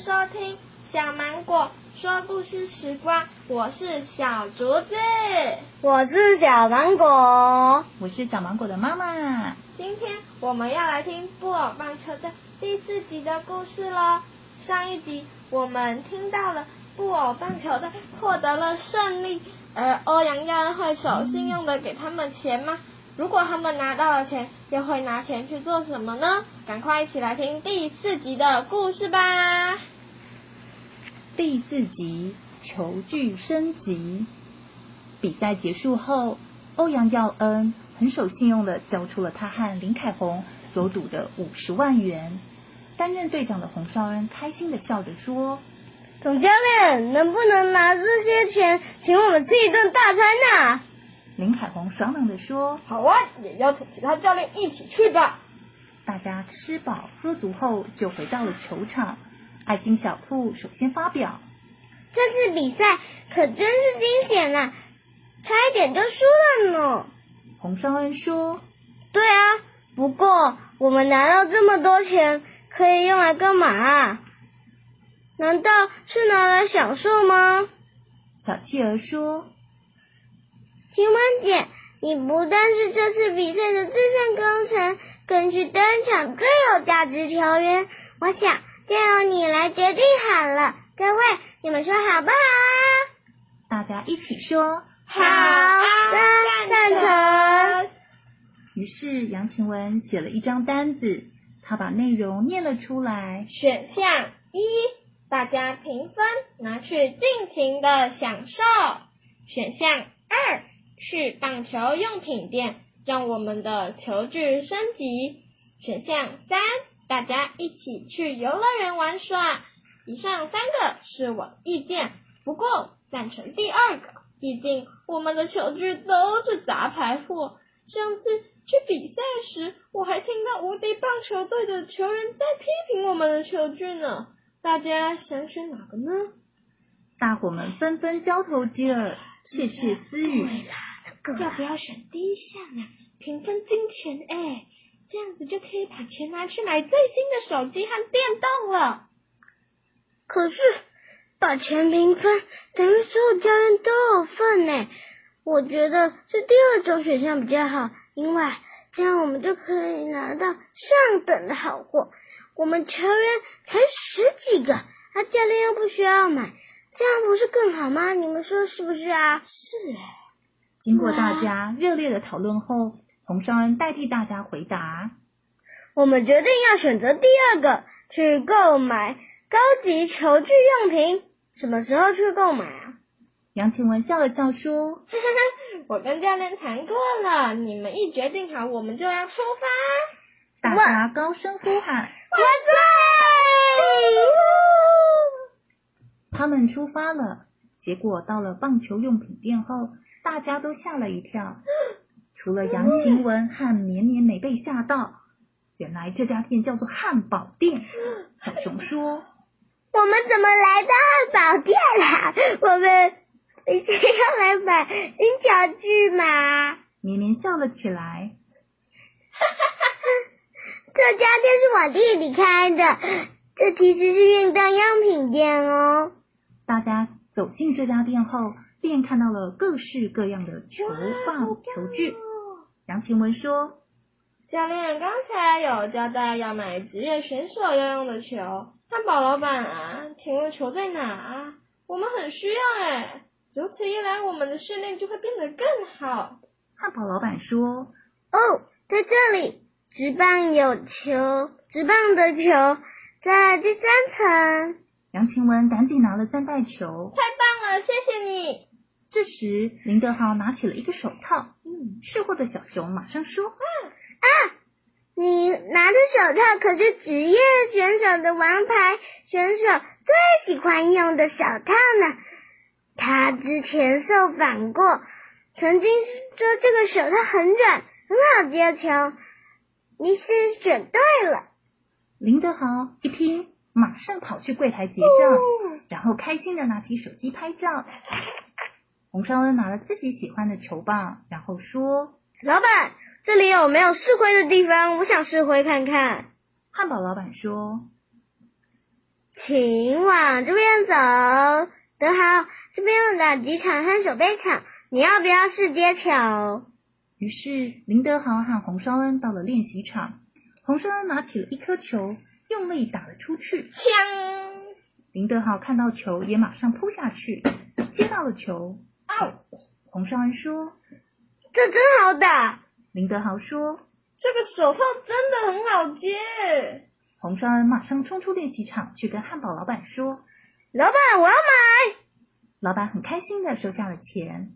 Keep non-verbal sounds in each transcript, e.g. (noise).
收聽小芒果說故事時光，我是小竹子，我是小芒果，我是小芒果的媽媽。今天我們要來聽布偶棒球隊第四集的故事嘍。上一集我們聽到了布偶棒球隊獲得了勝利，而歐陽曜恩會守信用的給他們錢嗎？如果他們拿到了錢，又會拿錢去做什麼呢？趕快一起來聽第四集的故事吧！第四集，球具升級。比賽結束後，歐陽耀恩很守信用的交出了他和林凱宏所賭的五十萬元。擔任隊長的洪少恩開心的笑着說：“總教練，能不能拿這些錢請我們吃一頓大餐呢、啊？”林凱宏爽朗的說：“好啊，也邀請其他教練一起去吧。”大家吃飽喝足後，就回到了球場。愛心小兔首先發表：“這次比賽可真是驚險吶、啊，差一點就輸了呢。”洪少恩說：“對啊，不過我們拿到這麼多錢，可以用來幹嘛、啊？難道是拿來享受嗎？”小七兒說：“青蛙姐，你不但是這次比賽的制勝功臣，更是單場最有價值球員。我想。”就由你來決定好了，各位，你們說好不好啊？大家一起說好的，贊但成。於是楊晴雯寫了一張單子，他把內容唸了出來：選項一，大家平分拿去盡情的享受；選項二，是棒球用品店讓我們的球具升級；選項三。大家一起去遊樂園玩耍。以上三個是我的意見，不過贊成第二個，畢竟我們的球具都是雜牌貨。上次去比賽時，我還聽到無敵棒球隊的球員在批評我們的球具呢。大家想選哪個呢？大夥們紛紛交頭接耳，竊竊私語，要不要選第一項啊？平分金錢哎。這樣子就可以把錢拿去買最新的手機和電動了。可是，把錢平分，等於所有教練都有份呢。我覺得是第二種選項比較好，因為這樣我們就可以拿到上等的好貨。我們球員才十幾個，而教練又不需要買，這樣不是更好嗎？你們說是不是啊？是。經過大家熱烈的討論後。紅雙恩代替大家回答，我們決定要選擇第二個去購買高級球具用品。「什麼時候去購買啊？」楊晴雯笑了笑說：“ (laughs) 我跟教練談過了，你們一決定好，我們就要出發。”大家高聲呼喊：“萬歲在！”他們出發了。結果到了棒球用品店後，大家都嚇了一跳。除了楊晴雯和綿綿沒被嚇到，原來這家店叫做漢堡店。小熊說：“我們怎麼來到漢堡店啦？我們是要來買新球具嗎？”綿綿笑了起來。哈哈哈哈！這家店是我弟弟開的，這其實是運動用品店哦。大家走進這家店後，便看到了各式各樣的球棒、球具。楊晴雯說：“教練剛才有交代要買職業選手要用的球。”漢堡老闆啊，請問球在哪啊？我們很需要哎！如此一來，我們的訓練就會變得更好。漢堡老闆說：“哦，在這裡，職棒有球，職棒的球在第三層。”楊晴雯趕緊拿了三袋球。太棒了，謝謝你。這時，林德豪拿起了一個手套。嗯，識貨的小熊馬上說：“啊、嗯、啊，你拿的手套可是職業選手的王牌，選手最喜歡用的手套呢。他之前受訪過，曾經說這個手套很軟，很好接球。你是選對了。”林德豪一聽，馬上跑去櫃檯結賬，嗯、然後開心的拿起手機拍照。洪紹恩拿了自己喜歡的球棒，然後說：“老闆，這裡有沒有試揮的地方？我想試揮看看。”漢堡老闆說：“請往這邊走，德豪，這邊有打擊場和守備場，你要不要試接球？”於是林德豪和洪紹恩到了練習場。洪紹恩拿起了一顆球，用力打了出去，鏘！林德豪看到球，也馬上撲下去，接到了球。洪少恩說：“這真好打。”林德豪說：“這個手套真的很好接。”洪少恩馬上衝出練習場去跟漢堡老板說：“老板，我要買！”老板很開心的收下了錢。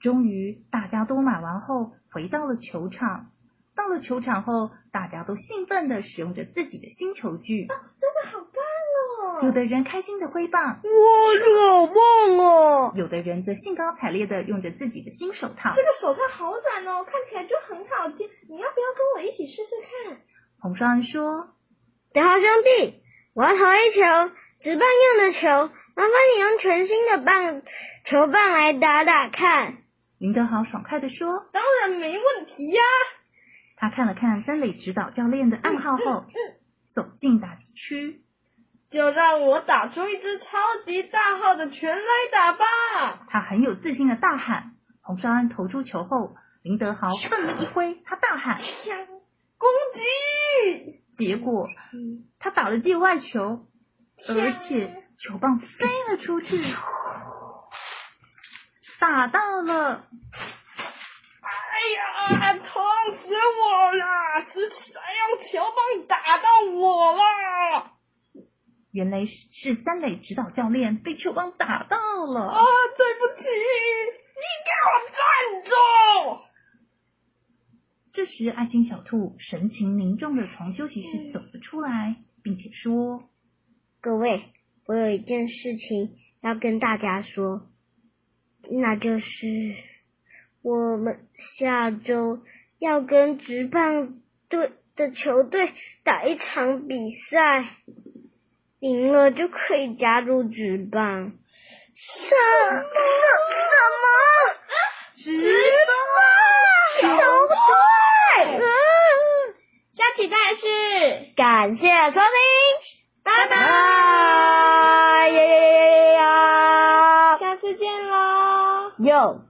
終於大家都買完後，回到了球場。到了球場後，大家都興奮的使用着自己的新球具，啊、真的好棒。有的人開心的揮棒，哇，這好棒哦！有的人則興高采烈的用着自己的新手套。這個手套好軟哦，看起來就很好接，你要不要跟我一起試試看？洪少安說：“德豪兄弟，我要投一球，執棒用的球，麻煩你用全新的棒球棒來打打看。”林德豪爽快的說：“當然沒問題呀！”他看了看三壘指導教練的暗號後，嗯嗯嗯、走進打擊區。就讓我打出一支超級大號的全壘打吧！他很有自信的大喊。洪雙安投出球後，林德豪奮力一揮，他大喊：攻擊！結果他打了界外球，而且球棒飛了出去，打到了。哎呀，疼死我了！是誰用球棒打到我了？原來是三壘指導教練被球棒打到了。啊，對不起，你給我站住！這時，愛心小兔神情凝重地從休息室走了出來，嗯、並且說：“各位，我有一件事情要跟大家說，那就是我們下周要跟職棒隊的球隊打一場比賽。”贏了就可以加入職棒，什什什麼？職棒工會？下期再是。感謝收聽，拜拜！呀呀呀呀呀！下次見嘍。